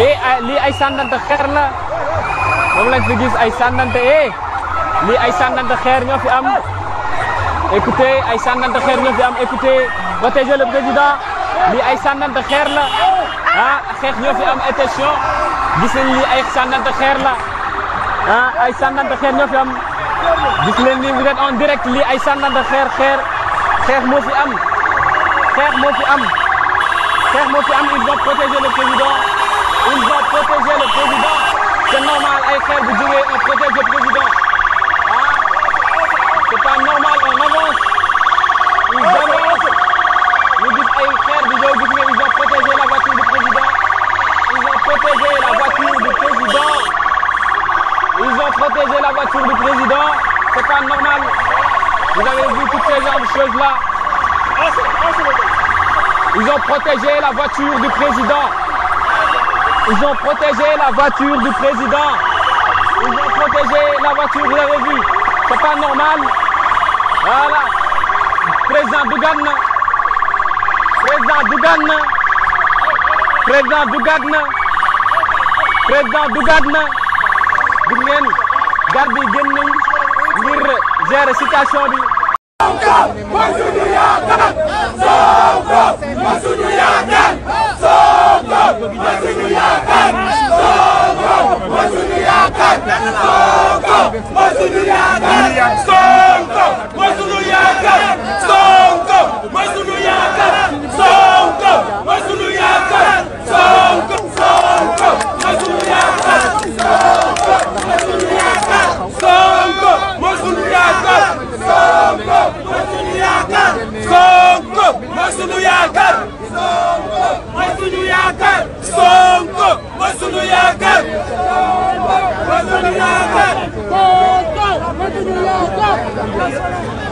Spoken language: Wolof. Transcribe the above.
Eh, ah, lii ay sànnante xeer la moom lañ fi gis ay sànnante eh lii xeer ñoo fi am écoutez ay sànnante xeer ñoo fi am écoutez protégez le président lii ay sànnante xeer la ah xeex ñoo fi am attention gis nañ lii ay sànnante xeer la ah ay sànnante xeer ñoo fi am gis leen ni vous êtes en direct lii ay sànnante xeer xeer xeex moo fi am xeex moo fi am xeex moo fi am il faut protéger le président le président c' est normal ay xeer bu jógee on protège le président ah c' est pas normal on avance on oh, avance ñu gis ay xeer bi ñëw gis nga ils ont protégé la voiture du président ils ont protégé la voiture du président ils ont protégé la voiture du président c' est pas normal vous avez vu toutes ces genres de choses là ah, ah, ils ont protégé la voiture du président. Ils ont protégé la voiture du président. Ils ont protégé la voiture, vous l'avez C'est pas normal. Voilà. Président Dougane. Président Dougane. Président Dougane. Président Dougane. Gis garde yi génn nañ ngir masuñu yaakaar Sonko masuñu yaakaar Sonko masuñu yaakaar Sonko masuñu yaakaar Sonko masuñu yaakaar Sonko masuñu yaakaar Sonko Sonko masuñu yaakaar Sonko masuñu yaakaar Sonko masuñu yaakaar Sonko masuñu yaakaar Sonko masuñu yaakaar Allez